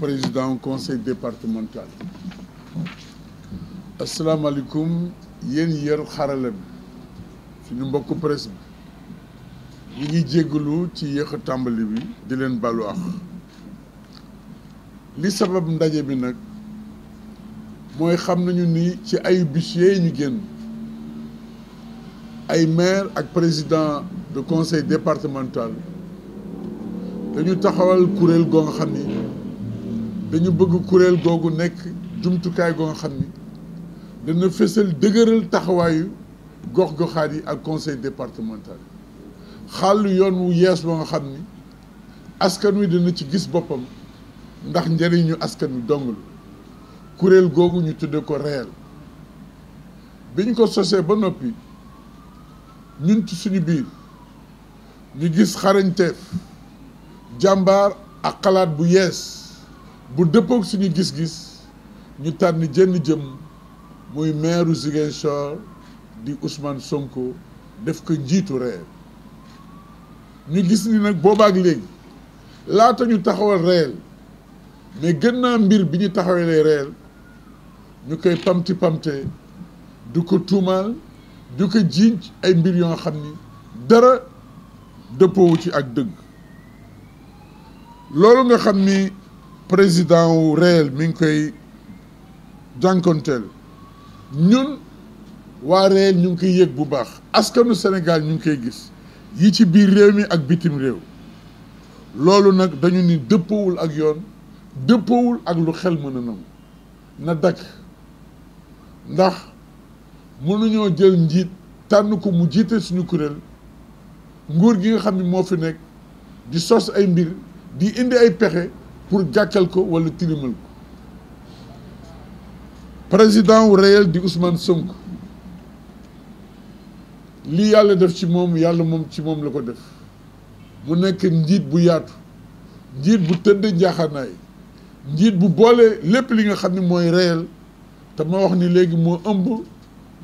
président conseil départemental asalaamaaleykum yéen yaru xarala bi suñu mbokku presse bi ñu ngi jéggalu ci yéex tàmbali bi di leen balu ax li sabab ndaje bi nag mooy xam nañu ni ci ay bis yee ñu génn ay maire ak président de conseil départemental dañu taxawal kuréel goo xam ni dañu bëgg kuréel googu nekk jumtukaay goo nga xam ni dana fësal dëgëral taxawaayu gox-goxaat yi ak conseil départemental xàll yoon wu yees ba nga xam ni askan wi dina ci gis boppam ndax njëriñu askan wi dongul kuréel googu ñu tudde ko réel bi ñu ko sosee ba noppi ñun ci suñu biir ñu gis xarañteef jàmbaar ak xalaat bu yees bu dëppoog suñu gis-gis ñu tànn jënn jëm muy maire Ziguinchor di Ousmane Sonko def ko njiitu réew ñu gis ni nag boobaak léegi laata ñu taxawal reer mais gën naa mbir bi ñu taxawalee réel ñu koy pamti pamte du ko tuumaal du ko jiiñ ay mbir yoo xam ni dara dëppoowu ci ak dëgg loolu nga xam ni président wu réel mi ngi koy jànkonteel ñun waa réel ñu ngi koy yëg bu baax askanu Sénégal ñu ngi koy gis yi ci biir réew mi ak bitim réew loolu nag dañu ni dëppawul ak yoon dëppawul ak lu xel mën na nangu na dakk ndax nañoo jël njiit tànn ko mu jiite suñu kuréel nguur gi nga xam ni moo fi nekk di sos ay mbir di indi ay pexe pour jàkkal ko wala tilimal ko président wu réel di Ousmane Sonko lii yàlla def ci moom yàlla moom ci moom la ko def mu nekk njiit bu yaatu njiit bu tëdd njaaxanaay njiit bu boole lépp li nga xam ni mooy réel te ma wax ni léegi moo ëmb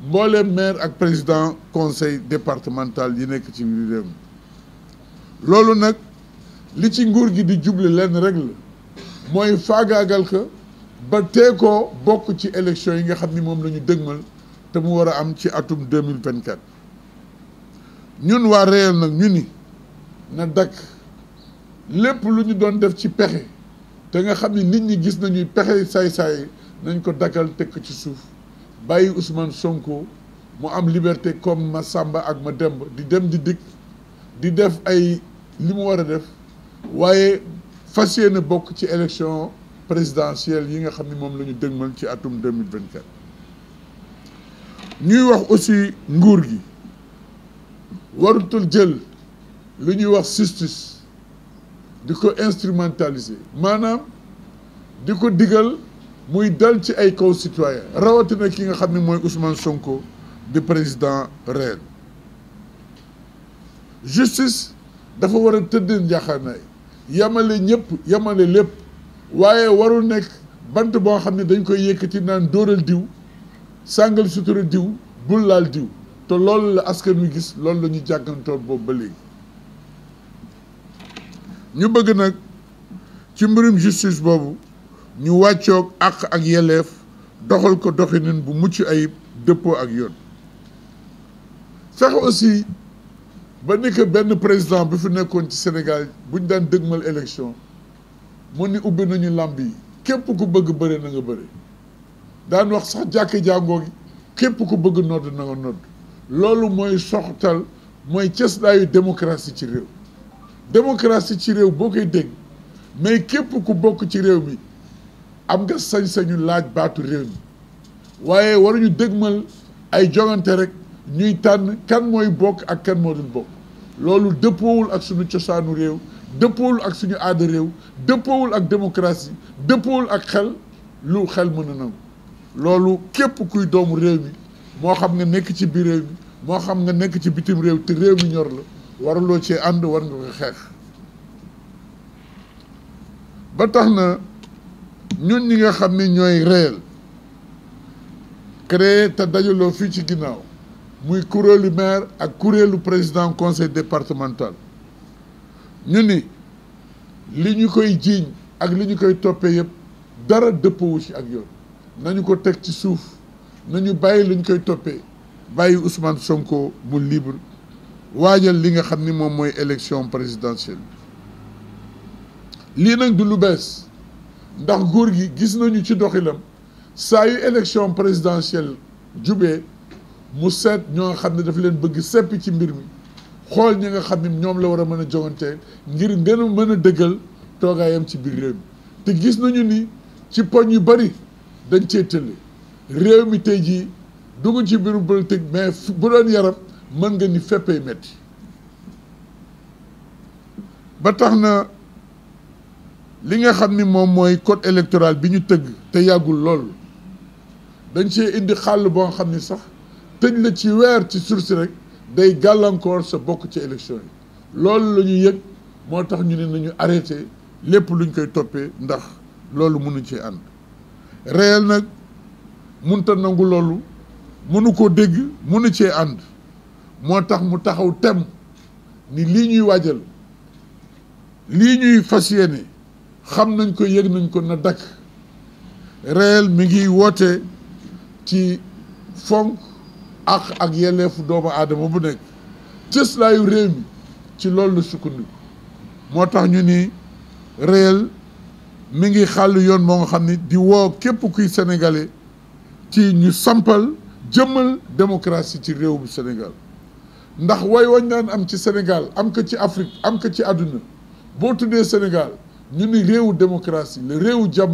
mboole maire ak président conseil départemental yi nekk ci réew mi loolu nag li ci nguur gi di jubli lenn rek la mooy faagaagal ko ba tee koo bokk ci élection yi nga xam ni moom la ñu dëgmal te mu war a am ci atum deux mille vingt quatre ñun waa réel nag ñu ni na dakk lépp lu ñu doon def ci pexe te nga xam ni nit ñi gis nañuy pexe saay-saay nañ ko dakkal teg ci suuf bàyyi Ousmane Sonko mu am liberté comme ma sàmba ak ma demb di dem di dikk di def ay li mu war a def waaye fas yéene bokk ci élection présidentielle yi nga xam ni moom la ñu dëgmal ci atum 2024 ñuy wax aussi nguur gi warutul jël li ñuy wax justice di ko instrumentaliser maanaam di ko digal muy dal ci ay kaw citoyen rawatina ki nga xam ni mooy Ousmane Sonko di président réel justice dafa war a tëdd njaaxaanaay yemale ñëpp yemale lépp waaye warul nekk bant boo xam ne dañ koy yëkkati naan dóoral diw sàngal sutura diw bul laal diw te loolu la askan wi gis loolu lañuy ñu jàggantoon boobu ba ñu bëgg nag ci mbirum justice boobu ñu wàccoog àq ak yelleef doxal ko doxinin bu mucc ayib dëppoo ak yoon sax aussi ba ni benn président bi fi nekkoon ci Sénégal bu ñu daan dëgmal élection mu ni ubbi nañu làmb yi képp ku bëgg bëre na nga bëre daan wax sax jàkk jàngoo gi képp ku bëgg nodd na nga nodd loolu mooy soxtal mooy cëslaayu démocratie ci réew démocratie ci réew boo koy dégg mais képp ku bokk ci réew mi am nga sañ-sañu laaj baatu réew mi waaye waruñu dëgmal ay jogante rek ñuy tànn kan mooy bokk ak kan moo dul bokk loolu dëppoowul ak suñu cosaanu réew dëppoowul ak suñu aada réew dëppoowul ak démocratie dëppoowul ak xel lu xel mën na nangu loolu képp kuy doomu réew mi moo xam nga nekk ci biir réew xam nga nekk ci bitim réew te réew mi ñor la waruloo cee ànd war nga ko xeex ba tax na ñun ñi nga xam ne ñooy réel créer te dajaloo fii ci ginnaaw muy kuréelu maire ak kuréelu président conseil départemental ñu ni li ñu koy jiiñ ak li ñu koy toppee yëpp dara dëppwu ci ak yoon nañu ko teg ci suuf nañu bàyyi li koy toppee bàyyi Ousmane Sonko mu libre waajal li nga xam ni moom mooy élection présidentielle lii nag du lu bees ndax góor gi gis nañu ci doxilam saa yu élection présidentielle jubee mu seet ñoo xam ne dafa leen bëgg seppi ci mbir mi xool ñi nga xam ne ñoom la war a mën a joŋante ngir gën a mën a dëggal toogaayam ci biir réew mi te gis nañu ni ci poñ yu bari dañ cee tëlle réew mi tey jii dugg ci biiru politique mais bu doon yaram mën nga ni féppay metti ba tax na li nga xam ni moom mooy code électoral bi ñu tëgg te yàggul lool dañ cee indi xàll boo xam ni sax tëj la ci weer ci sursi rek day gàllankoor sa bokk ci élection yi loolu lañu yëg moo tax ñu ne nañu arrêté lépp luñ koy toppee ndax loolu mënu ci ànd réel nag munta nangu loolu mënu koo dégg mënu cee ànd moo tax mu taxaw tem ni lii ñuy waajal lii ñuy fas yéene xam nañ ko yëg nañ ko na dakk réel mi ngi woote ci fonk ak ak yelleefu doomu aadama bu nekk cëslaayu réew mi ci loolu la sukkandiku moo tax ñu ni réel mi ngi xàll yoon moo nga xam ni di woo képp kuy sénégalais ci ñu sampal jëmmal démocratie ci réew bu Sénégal ndax way wañ naan am ci Sénégal am ka ci Afrique am ka ci àdduna boo tuddee Sénégal ñu ni réewu démocratie la réewu jàmm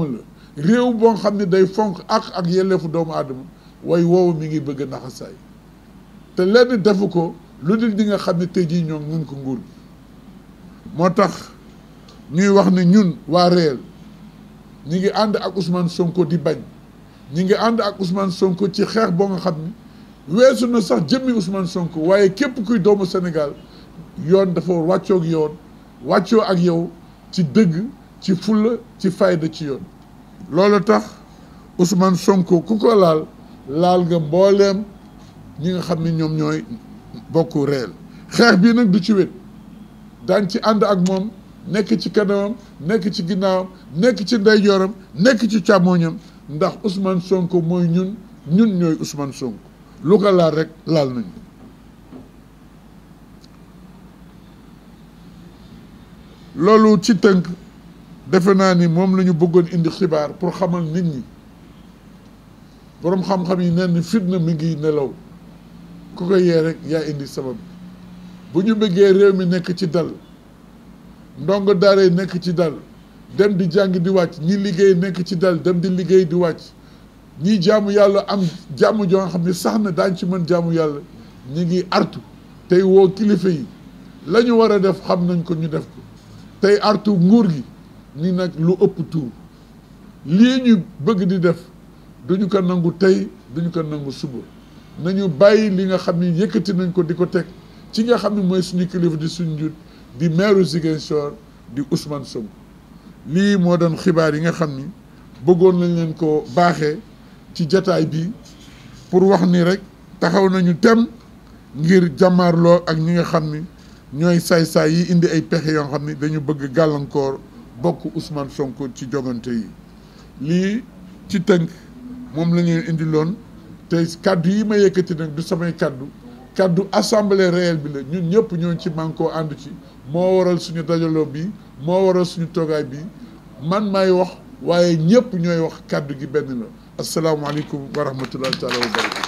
la réew boo xam ne day fonk ak ak yelleefu doomu aadama way woowu mi ngi bëgg a naxasaay te lenn defu ko lu dul di nga xam ne tey jii ñoom ñun ko nguur moo tax ñuy wax ni ñun waa réel ñi ngi ànd ak Ousmane Sonko di bañ ñi ngi ànd ak Ousmane Sonko ci xeex boo nga xam ni weesu na sax jëmmi Ousmane Sonko waaye képp kuy doomu Sénégal yoon dafa wàccoo ak yoon wàccoo ak yow ci dëgg ci fulla ci fayda ci yoon loolu tax Ousmane Sonko ku ko laal laal nga mbooleem ñi nga xam ni ñoom ñooy bokk réel xeex bii nag du ci wét dañ ci ànd ak moom nekk ci kanamam nekk ci ginnaawam nekk ci ndeyjooram nekk ci càmmooñam ndax Ousmane sonk mooy ñun ñun ñooy Ousmane Sonko lu ko laal rek laal nañu loolu ci tënk defe naa ni moom lañu bëggoon indi xibaar pour xamal nit ñi boroom xam-xam yi nee na fitna mi ngi nelaw ku ko yee rek yaa indi sabab bu ñu bëggee réew mi nekk ci dal ndongo daara nekk ci dal dem di jàng di wàcc ñi liggéey nekk ci dal dem di liggéey di wàcc ñi jaamu yàlla am jàmm joo xam ne sax na daañ ci mën jaamu yàlla ñi ngi artu tey woo kilifa yi lañu war a def xam nañ ko ñu def ko tey artu nguur gi ni nag lu ëpp tuur lii ñu bëgg di def duñu ko nangu tey duñu ko nangu suba nañu bàyyi li nga xam ni yëkkati nañ ko di ko teg ci nga xam ne mooy suñu kilifa di suñu njut di maire Ziguinchor di Ousmane Sonko lii moo doon xibaar yi nga xam ni bëggoon nañ leen ko baaxee ci jataay bi pour wax nii rek taxaw nañu tem ngir jàmmaarloo ak ñi nga xam ni ñooy saay-saay yi indi ay pexe yoo xam ni dañu bëgg gàllankoor bokk Ousmane Sonko ci jogante yi lii ci tënk moom la ñuy indi loon te kaddu yi ma yëkkati nag du samay kàddu kàddu assemblée réelle bi la ñun ñëpp ñoo ci mànkoo àndu ci moo waral suñu dajaloo bi moo waral suñu toogaay bi man may wax waaye ñëpp ñooy wax kàddu gi benn la asalaamaaleykum wa rahmatullahi taala wa barakatu